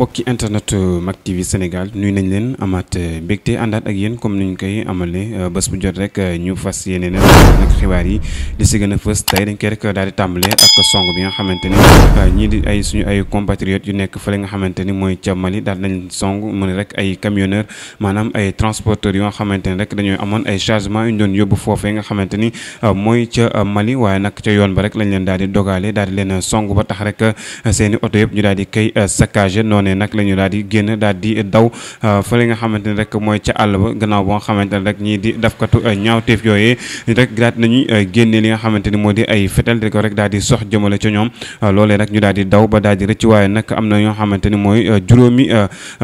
mbokki internet euh, Mak TV Sénégal nuyu nañ leen amaat euh, mbégte àndaat ak yéen comme ni ñu koy amalee euh, bés bu jot rek ñu fas yéene nag xibaar yi li si gën a fës tey dañ koy rek daal di tàmbalee ak bi nga xamante ni ñii di ay suñu ay compatriotes yu nekk fële nga xamante ni mooy ca Mali daal nañ song mu ne rek ay camionneur maanaam ay transporteurs yoo nga xamante ni rek dañoo amoon ay changement yu ñu doon yóbbu foofee nga xamante ni mooy ca Mali waaye nag ca yoon ba rek lañ leen daal di dogaale daal di leen song ba tax rek seen i yëpp ñu daal di koy ne nag la ñu daal di génn daal di daw uh, fële nga xamante ne rek mooy ca àll ba gannaaw ba nga xamante ne rek ñii di dafkatu uh, ñaawteef yooyee rek daal uh, li nga xamante ni moo di ay fetal di ko rek daal di sox jëmale ca ñoom loolee nag ñu daal di daw ba daal di rëcc waaye nag am na ñoo xamante ni mooy juróomi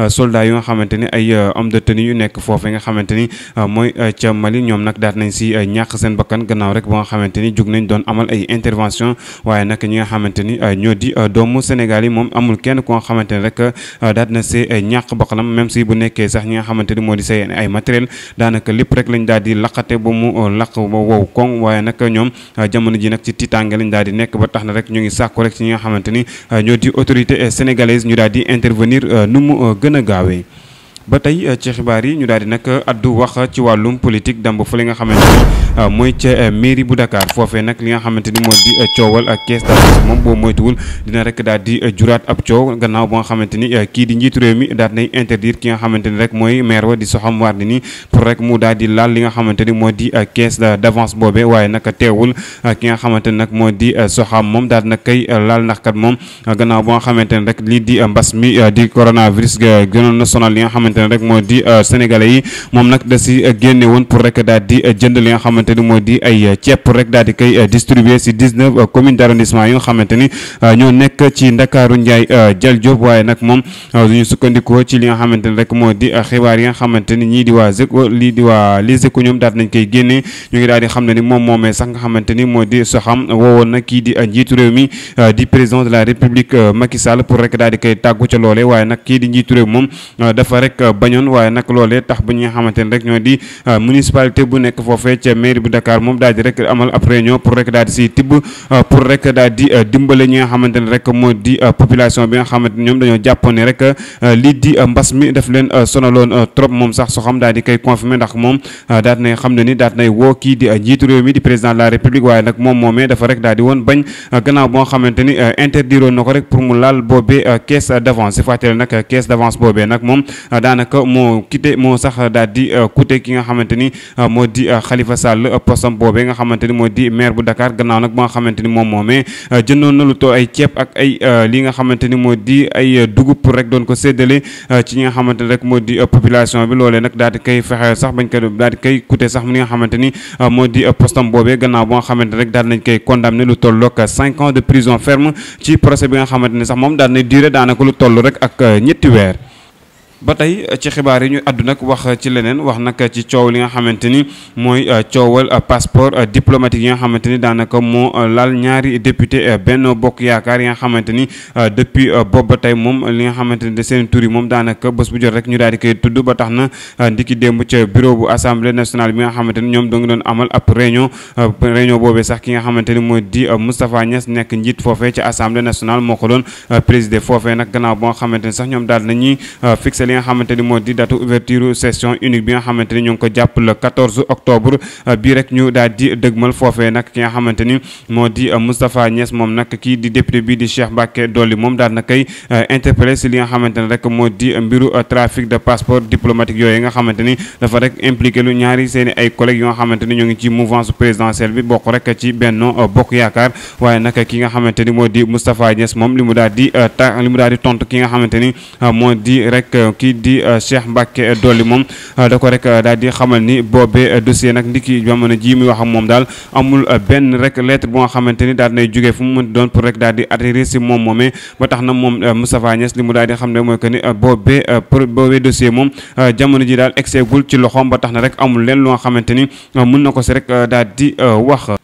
soldat yu nga xamante ni ay de yu nekk foofu nga xamante ni mooy ca Mali ñoom nag daal nañ si ñàkk seen bakkan gannaaw rek ba nga xamante ni jug nañ doon amal ay intervention waaye nag ñi nga xamante ni ñoo di doomu Sénégal yi moom amul kenn ko nga xamante rek Euh, daal na ñàq euh, ñàkk bakkanam même si bu nekkee sax ñi nga xamante ni moo di seen ay matériel daanaka lépp rek lañ daal di laqate ba mu euh, laq ba wow koŋ waaye nag ñoom jamono ji nag ci tiitaange lañu daal di nekk ba tax na rek ñu ngi sàkku rek ci ñi nga xamante ni ñoo di autorité sénégalaise ñu daal di intervenir nu mu gën a gaawee ba tey euh, ci xibaar yi ñu daal di nag euh, addu wax ci wàllum politique damb fa li nga xamante ni euh, mooy ca mairie bu Dakar foofee nag li nga xamante ni moo di coowal ak kees daal moom boo moytuwul dina rek daal di juraat ab coow gannaaw ba nga xamante ni kii di njiitu réew mi daal nay interdire ki nga xamante ni rek mooy maire wa di Soham Wardini pour rek mu daal di laal li nga xamante ni moo di kees d'avance boobe waaye nag teewul ki nga xamante ni nag moo di Soham moom daal nag kay laal ndax kat moom gannaaw ba nga ni rek lii di mbas mi di coronavirus gënoon na xamante ne rek moo di euh, sénégalais yi moom nag da si euh, génne pour rek daal di euh, jënd li nga xamante ni moo di ay ceeb rek daal di koy distribuer si 19 commune d' arrondissement yi nga xamante ni ñoo nekk ci ndakaaru Ndiaye Jal Diop waaye nag moom duñu sukkandikoo ci li nga xamante ni rek moo di xibaar yi nga xamante ni ñii di waa Zeko lii di waa lii Zeko ñoom daal nañ koy génne daal di xam ne ni moom moomee sax nga xamante ni moo di soxam woowoon na kii di njiitu réew mi di président de la république Macky Sall pour rek daal di koy tàggu ca loolee waaye nag kii di njiitu réew moom dafa rek bañoon waaye nag loolee tax ba ñi nga xamante ne rek ñoo di euh, municipalité bu nekk foofee ca mairie bu Dakar moom daal di rek amal ab réunion pour rek daal di euh, euh, dimbale ñi nga rek moom sax di xam ne ni daat nay woo di njiitu mi di président de la république waaye nag moom moomee dafa rek daal di woon bañ gannaaw boo xamante ni interdiroon ko rek pour mu laal boobee caisse d'avance si fàttali nag caisse d'avance boobee nag moom daanaka moo quitté moo sax daal di euh, coûté ki nga xamante ni euh, moo di euh, Khalifa Sall postam boobee nga xamante ni moo di maire bu dakaar gannaaw nag ba nga xamante ni moom moomee jëndoon na lu ay ceeb ak ay li nga xamante ni moo di ay dugub rek doon ko séddale ci ñi nga xamante ni rek moo di population bi loolee nag daal di koy sax bañ ko daal di koy coûté sax li nga xamante ni moo di postam boobee gannaaw ba nga xamante ni rek daal nañ koy condamné lu tollook cinq ans de prison ferme ci procès bi nga xamante ni sax moom daal na duré daanaka lu toll rek ak ñetti weer ba tey ci xibaar yi ñu àddu nag wax ci leneen wax nag ci coow li nga xamante ni mooy euh, coowal euh, passeport euh, diplomatique yi nga xamante ni daanaka moo laal ñaari député benn Bokk Yaakaar yi nga xamante ni depuis boobu ba tey moom li nga xamante ni de seen tur yi moom daanaka bés bu jot rek ñu daal di ba tax na ndiki démb ca bureau bu assemblée nationale bi nga xamante ni ñoom doo ngi doon amal ab réunion boobee sax ki nga xamante ni mooy di Moustapha Niass nekk njiit foofee ci assemblée nationale moo ko doon présider foofee nag gannaaw boo nga xamante sax ñoom daal nañuy fixé li nga xamante ni moo di date ouverture session unique bi nga xamante ni ñu ngi ko euh, ki nga xamante ni moo di euh, Moustapha Niass moom nag kii di député bi di Cheikh Mbacké Dolly moom daal na koy euh, interpellé li nga xamante ni rek moo di mbiru trafic de passeport diplomatique yooyu nga xamante ni dafa rek impliqué lu ñaari seen ay collègues yoo nga xamante ni ñoo ngi ci mouvance présidentielle bi bokk rek ci Benno Bokk Yaakaar waaye nag ki nga xamante ni moo di Moustapha Niass moom li mu daal di ta li di tontu ki nga xamante ni moo di rek kii di euh, Cheikh Mbacke Dolly moom euh, da ko rek euh, daal di xamal ni boobe dossier nag ndiki jamono ji muy wax ak moom daal amul benn rek lettre bu nga xamante ni daal nay jógee fu mu mën doon pour rek daal di atterrir si moom moomee ba tax na moom Moustapha Niass li mu daal di xam ne mooy que ni boobe boobe dossier moom jamono ji daal egseegul ci loxoom ba tax na rek amul leen lu nga xamante ni mën na ko si rek daal di wax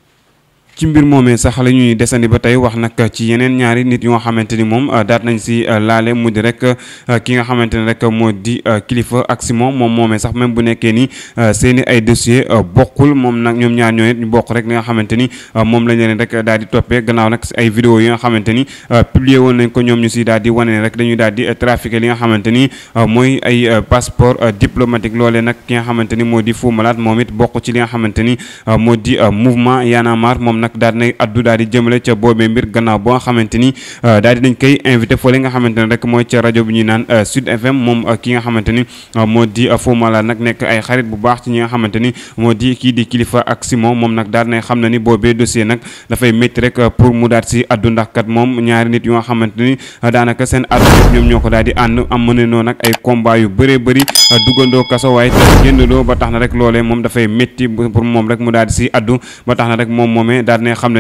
ci mbir moomee sax la ñuy desandi ba tey wax nag ci yeneen ñaari nit yoo xamante ni moom daat nañ si euh, laale mu rek euh, ki nga xamante ne rek moo di euh, kilifa ak Simon moom moomee sax même bu nekkee ni seen ay dossier bokkul moom nag ñoom ñaar ñoo ñu bokk rek li nga xamante ni moom lañ leen rek daal di toppee gannaaw nag ay vidéo yi nga xamante ni publier nañ ko ñoom ñu si daal di wane rek dañuy daal di trafiquer li nga xamante ni mooy ay passeport diplomatique loolee nag ki nga xamante ni moo di Fou Malade moom it bokk ci li nga xamante ni di mouvement Y moom nag nag daal dinay addu daal di jëmale ca boobee mbir gannaaw boo nga xamante ni euh, daal dinañ koy invité foo nga xamante mooy ca rajo bi ñuy naan euh, Sud FM moom euh, ki nga xamante ni moo di Fou Malade nag nekk ay xarit bu baax ci ñi nga xamante ni moo di kii di Kilifeu ak Simon moom nag daal dinay xam na ni boobee dossier nag dafay métti rek pour mu daal si addu ndax kat moom ñaari nit yu xamante ni daanaka seen addu ñoom ñoo ko daal di ànd am mën noo nag ay combat yu bëree duggandoo kaso waaye te génnloo ba tax na rek loolee moom dafay métti pour moom rek mu daal di si addu ba tax na rek moom moomee daal dinañ ni euh, a euh,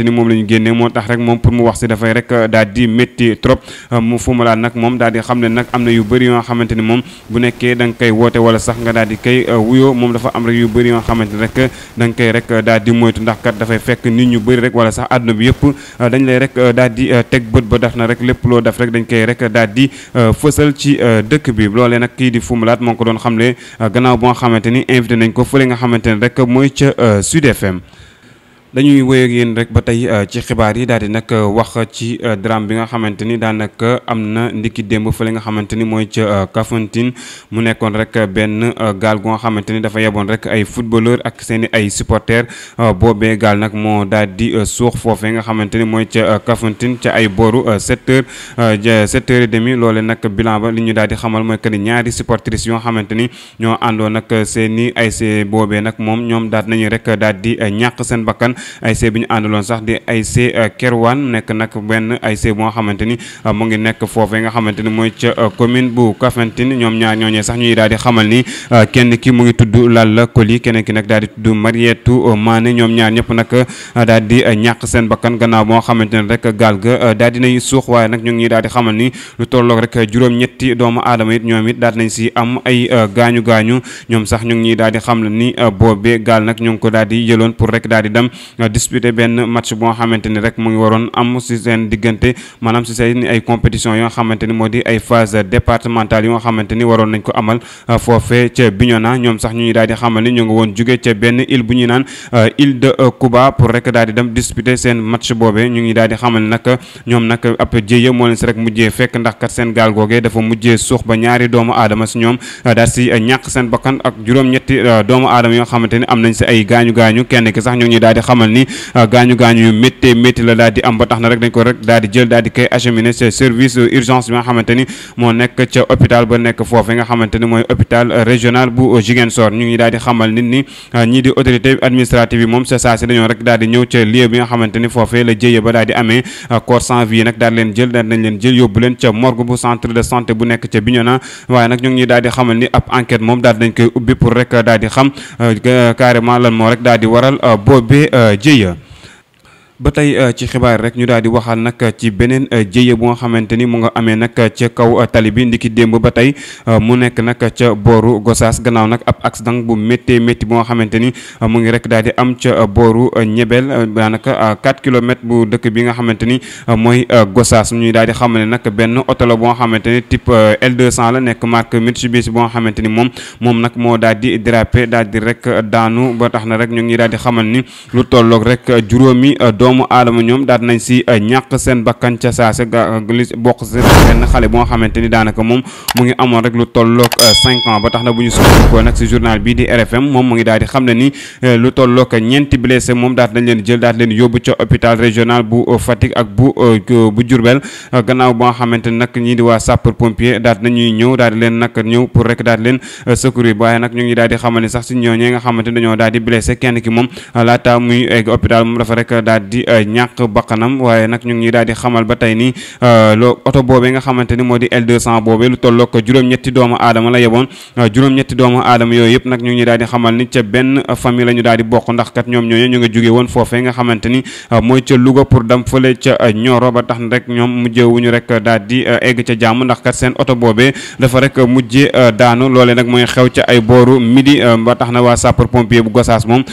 ni moom la ñu génnee moo tax rek moom pour mu wax si dafay rek euh, daal na yu bëri yoo nga xamante ni moom bu nekkee da nga koy woote wala sax nga daal di koy wuyoo moom dafa am rek yu bëri yoo xamante ni rek da nga koy rek daal di moytu ndax kat dafay fekk nit ñu bëri rek wala teg bët ba daf na rek lépp loo daf rek dañ koy rek daal di fësal ci dëkk bi Afrique loolee nag kii di Fumulaat moom ko doon xamle gannaaw boo xamante ni invité nañ ko fële nga xamante ni rek mooy ca euh, Sud dañuy wéy ak yéen rek ba tey euh, ci xibaar yi daal di nag euh, wax ci euh, drame bi nga xamante ni daanaka am na ndikki démb fa fële nga xamante ni mooy ca Kafountine mu nekkoon rek benn gaal goo nga xamante ni dafa yeboon rek ay footballeur ak seen i ay supporters boobee gaal nag moo daal di suux foofee nga xamante ni mooy ca Kafountine ca ay booru 7 heures 7 heures et demi loole nag bilan ba li ñu daal di xamal mooy que ni ñaari supportrices yoo xamante ni ñoo àndoon nag seen i ay boobee nag moom ñoom daal nañu rek daal di ñàkk seen bakkan. ASC bi ñu àndaloon sax di ASC euh, Kerwan nekk nag benn ASC bu nga xamante ni euh, mu ngi nekk foofee nga xamante ni mooy ca euh, commune bu Kafentine ñoom ñaar ñooñee sax ñuy daal di xamal ni kenn ki mu ngi tudd Lalla Koli keneen ki nag daal di tudd Marietou Mané ñoom ñaar ñëpp nag daal di ñàkk seen bakkan gannaaw boo xamante ne rek gaal ga daal di nay suux waaye nag ñoo ngi daal di xamal ni lu tolloog rek juróom-ñetti doomu aadama it ñoom it daal nañ si am ay gaañu gaañu ñoom sax ñu ngi daal di xam ni boobe gaal nag ñoo ngi ko daal di jëloon pour rek daal di dem disputé benn match boo xamante ni rek mu ngi waroon am si seen diggante maanaam si seen yoo nga xamante ni di ay phase départementale yoo nga xamante ni waroon nañ ko amal euh, foofe ca Bignona ñoom sax ñu ñu daal di xamal ni ñu ngi woon jóge ca benn île bu ñu naan euh, île de euh, Cuba pour rek daal di dem disputé seen match boobee ñu ngi daal di xamal nag ñoom nag ab jéye moo leen si rek mujjee fekk ndax kat seen gaal googee dafa mujjee suux ba ñaari doomu aadama si ñoom daal si ñàkk seen bakkan ak juróom-ñetti doomu aadama yoo xamante ni am nañ si ay gaañu gaañu kenn ki sax ñu ngi daal di xamal xamal ni ñii di autorité administrative yi moom sa saa dañoo rek daal ñëw ca lieu bi nga xamante ni la jëye ba daal amee corps santé bu nekk ca Bignona waaye nag ñu ngi daal xamal ni ab enquête moom daal dañ koy ubbi pour rek daal xam carrément lan rek daal waral boobee Jëy ba tey euh, ci xibaar rek ñu daal di waxaat nag euh, ci beneen euh, jéye bu nga xamante ni mu nga amee nag ca kaw tali bi ndiki démb ba tey mu nekk nag ca booru Gosaas gannaaw nag ab accident bu méttee métti bu nga xamante ni mu ngi rek daal di am ca booru ñebel daanaka 4 kilomètres bu dëkk bi nga xamante ni mooy Gosaas ñuy daal di xam ne nag benn oto la bu nga xamante ni type l cent la nekk marque Mitsubishi bu nga xamante ni moom moom nag moo daal di dérapé daal di rek daanu ba tax na rek ñoo ngi daal di xamal ni lu tolloog rek juróomi doom doomu aadama ñoom daat nañ si euh, ñàkk seen bakkan ca saase euh, li bokk si benn xale bu nga xamante ni daanaka moom mu ngi amoon rek lu tolloog euh, cinq bu ñu daal di xam ne ni lu tolloog ñeenti blessé moom daat nañ leen yóbbu ca hôpital régional bu Fatick ak bu bu gannaaw ba di waa sapeur pompier daat nañuy ñëw daal di leen nag ñëw pour rek daal di leen secourir waaye nag ñu ngi daal di xamal ni sax si ñooñee nga xamante dañoo daal di blessé kenn ki moom laata muy egg hôpital moom dafa rek daal di ci eh, ñàkk bakkanam waaye nag ñu ngi ñuy daal di xamal ba tey ni eh, loo oto boobee nga xamante ni di L200 boobee lu tolloog juróom-ñetti doomu aadama la yeboon eh, juróom-ñetti doomu aadama yooyu yëpp nag ñu ngi daal di xamal ni ca benn famille la ñu daal di bokk ndax kat ñoom ñooñu ñu nga jóge woon foofee nga xamante ni mooy ca Louga pour dem fële ca Nioro ba tax na rek ñoom mujjewuñu rek daal di egg ca jàmm ndax kat seen oto boobee dafa mooy xew ay booru midi ba tax na waa sapeur pompier bu Gossas moom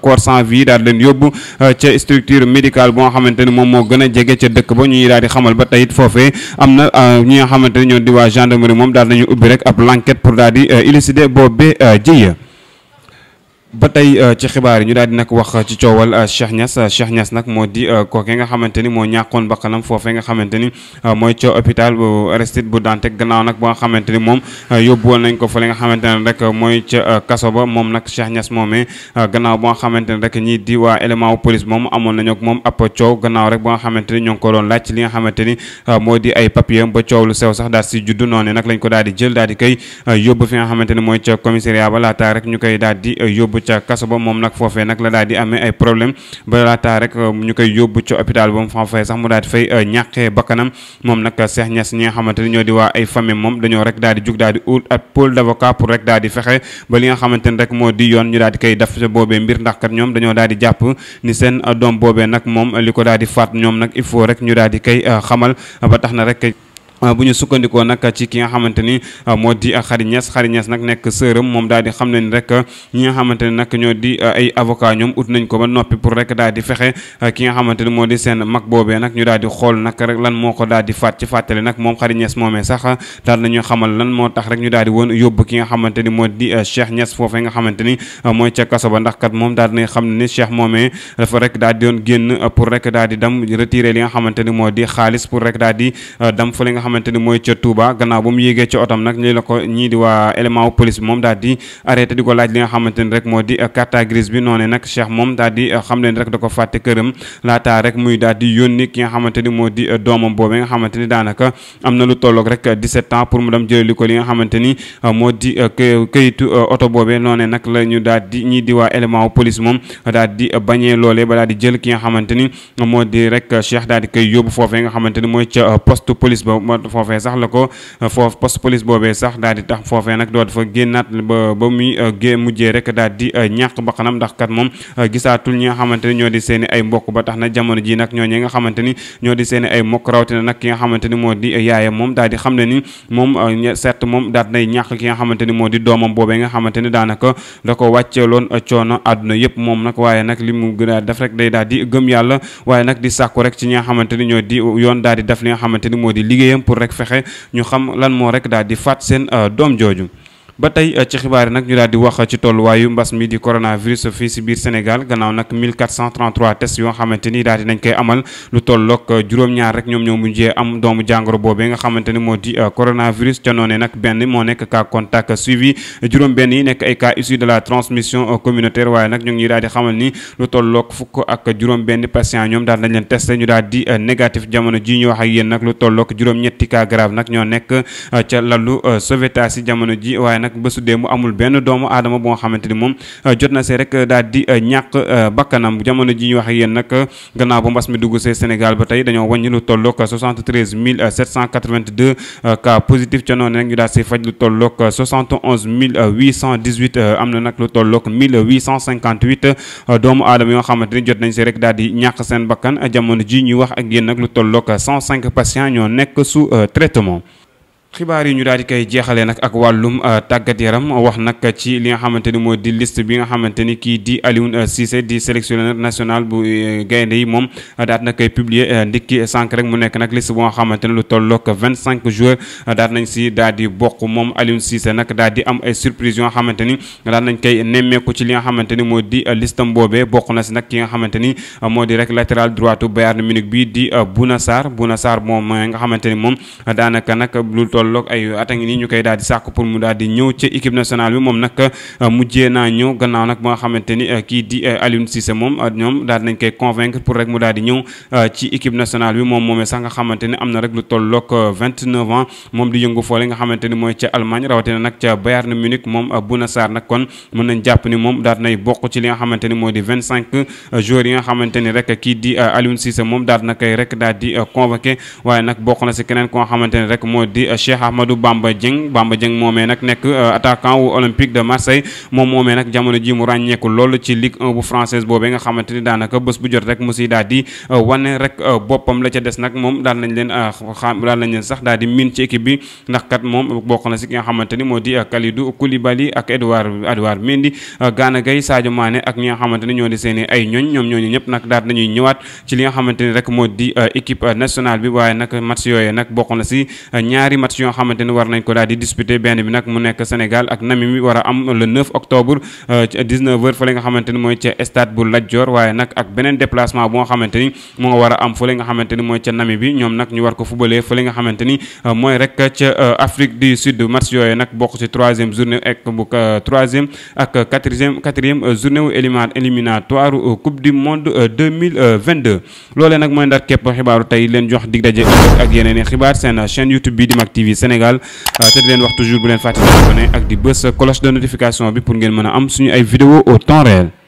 corps sans vie daal leen yóbbu euh, ca structure médical boo nga xamante ni moom moo gën a jege ca dëkk ba ñuy daal di xamal ba tey it foofee am na euh, ñi nga xamante ni ñoo di waa gendarmerie moom daal nañu ubbi rek ab l'enquête pour daal di euh, élucider boobee jëye ba tey euh, ci xibaar yi ñu daal di nag wax euh, ci coowal euh, Cheikh Niass Cheikh Niass nag moo di kooke nga xamante ni moo ñàkkoon bakkanam foofee nga xamante ni mooy ca hôpital bu bu Dantec gannaaw nag ba nga xamante ni moom yóbbuwoon nañ ko fa li nga xamante ne rek mooy ca kaso ba moom nag Cheikh Niass moomee gannaaw ba nga xamante ne rek ñii di waa élément wu police moom amoon nañu ak moom ab coow gannaaw rek ba nga xamante ni ñoo ngi ko doon laaj li nga xamante ni moo di ay papier ba coow lu sew sax daal si juddu noone nag lañ ko daal di jël daal di koy yóbbu fi nga xamante ni mooy ca commissariat ba laata rek ñu koy daal di yóbbu ca kaso ba moom nag foofee nag la daal di amee ay problème ba laataa rek euh, ñu koy yóbbu ca hôpital ba mu fa fay sax mu daal di fay euh, ñàqee bakkanam moom nag Cheikh Niass nga xamante ni ñoo di waa ay famille moom dañoo rek daal di jug daal di ut ak pôle d'avocat di fexe ba li nga xamante ni rek moo di yoon ñu daal di koy def ca boobe mbir ndax kat ñoom dañoo daal di jàpp ni seen euh, doom boobee nag moom li ko daal di faat ñoom nag il faut rek ñu daal di koy xamal ba tax na rek Euh, bu ñu sukkandikoo nag ci ki nga xamante ni euh, moo di xari euh, Niass Khary Niass nag nekk sëram moom daal di xam ne ni rek ñi nga xamante ni nag ñoo di ay avocat ñoom ut nañ ko ba noppi pour rek daal di fexe ki nga xamante ni moo di seen mag boobee nag ñu daal di xool nag rek lan moo ko daal di faat ci fàttali nag moom Khary Niass moomee sax daal nañu xamal lan moo tax rek ñu daal di woon yóbbu ki nga xamante ni moo di Cheikh Niass foofee nga xamante ni mooy ca kaso ba ndax kat moom daal dinañ xam ne ni Cheikh moomee rek daal di doon génn pour rek daal di dem retiré li nga xamante ni moo di xaalis pour rek daal xamante ni mooy ca Touba gannaaw ba mu yéegee ci otam nag ñi la ko ñii di waa élément wu ni da ko fàtte këram laataa rek muy daal di yónni ko li nga xamante ni uh, moo di uh, këyitu uh, oto boobee noonee nag la ñu daal di ñii di waa élément wu police moom daal bañee loolee ba daal di jël ki nga xamante ni moo di rek Cheikh daal di koy yóbbu foofee nga xamante mooy ca poste police ba noot foofee sax la ko euh, foofu poste police boobee sax daal di tax foofee nag doo dafa génnaat ba ba muy euh, gé mujjee rek daal di euh, ñàkk ba xanam ndax kat moom gisaatul ñi nga xamante ni ñoo di seen ay mbokk ba tax na jamono ji nag ñoo ñi nga xamante ni ñoo di seen i ay mbokk rawatina nag ki nga xamante ni moo di yaayam moom daal di xam ne ni moom certes moom daal nay ñàkk ki nga xamante ni moo di doomam boobee nga xamante ni daanaka da ko wàcceeloon coono àdduna yëpp moom nag waaye nag li mu gën a def rek day daal di gëm yàlla waaye nag di sàkku rek ci ñi nga xamante ni ñoo di yoon daal di def li nga xamante ni moo di liggéeyam pour rek fexe ñu xam lan moo rek daal di faat seen euh, doom jooju. ba tey euh, ci xibaar yi nag ñu daal di wax ci tolluwaayu mbas mi di coronavirus fii si biir Sénégal gannaaw nag 1433 yoo xamante ni daal di nañ koy amal lu tolloog euh, juróom-ñaar rek ñoo mujjee am doomu jàngoro boobee nga xamante ni moo di euh, coronavirus ca noonee nag benn moo la transmission communautaire waaye nag ñu ngi daal di xamal ni lu tolloog fukk ak juróom-benn patient ñoom daal nañ leen testé ñu daal di négatif jamono ji ñu wax ak yéen nag lu tolloog grave nag ñoo nekk ca lalu sauvetage jamono ji waaye nag dee mu amul benn doomu aadama boo xamante ni moom euh, jot na see rek euh, daal di euh, ñàkk bakkanam jamono ji ñu wax ak yéen nag gannaaw ba mi dugg see Sénégal ba tey dañoo wàññi lu tolloog 73 782 cas positif ca noonu nag ñu si faj lu tolloog 71 818 am na nag lu tolloog 1858 doomu aadama yoo xamante ni jot nañ si rek daal di ñàkk seen bakkan jamono ji ñuy wax ak yéen nag lu tolloog 105 patients ñoo nekk sous traitement xibaar yi ñu daal di koy jeexalee nag ak wàllum euh, tàggat yaram wax nag ci li nga xamante ni moo di liste bi nga xamante ni kii di Alioune euh, Cissé di sélectionneur national bu euh, gaynde yi moom daat na koy publier ndikki sànq rek mu nekk nag liste bu nga xamante ne lu tolloog vingt cinq joueurs daat nañ si daal di bokk moom Alioune Cissé nag daal di am ay xamante ni daal nañ koy nemmeeku ci li nga xamante ni moo di listam boobee bokk na si nag ki nga xamante ni moo di rek latéral droite Bayern Munich bi di Bouna Sarr Bouna Sarr moom nga xamante ni moom daanaka nag lu toll tolloog a ngi nii ñu koy daal di sàkk pour mu moom di Aliou foole nga xamante mooy ca Allemagne rawatina nag ca Bayern Munich moom euh, Bouna Sarr nag kon mën nañ jàpp ni moom daal euh, euh, na koy rek daal di waaye nag bokk na si keneen ko nga xamante rek moo di Cheikh Ahmadou Bamba Dieng Bamba Dieng moomee nag nekk euh, attaquant wu Olympique de Marseille moom moomee nag jamono ji mu ràññeeku lool ci Ligue 1 bu française boobee nga xamante ni daanaka bés di euh, wane rek euh, boppam la ca des nag xam daal di miin ci ni moo di Kalidou Koulibaly ak Edouard Edouard Mendy Gana Gueye Sadio Mané ak ñi nga xamante ni ñoo di seeni ay ñooñ ñoom ñooñu ñëpp nag daal nañuy ñëwaat ci li nga xamante ni rek moo di équipe nationale bi waaye nag match yooyee nag bokk na si ñaari match yoo xamante ne war nañ ko daal di disputé benn bi nag mu nekk Sénégal ak Namibie war a am le 9 octobre ca 19h euh, nga xamante mooy ca stade bu Lat waaye nag ak beneen déplacement bu nga a am fële nga xamante ni mooy ca Namibie ñoom nag ñu war ko fubalee fële nga xamante ni euh, mooy rek ca euh, Afrique du Sud match yooyu nag bokk ci troisième journée ak bu troisième ak quatrième quatrième journée wu éliminatoire coupe du monde 2022 loolee nag mooy ndar di Mak TV TV Sénégal euh, te di leen wax toujours bu leen fàtte ak di bës cloche de notification bi pour ngeen mën a am suñu ay vidéo au temps réel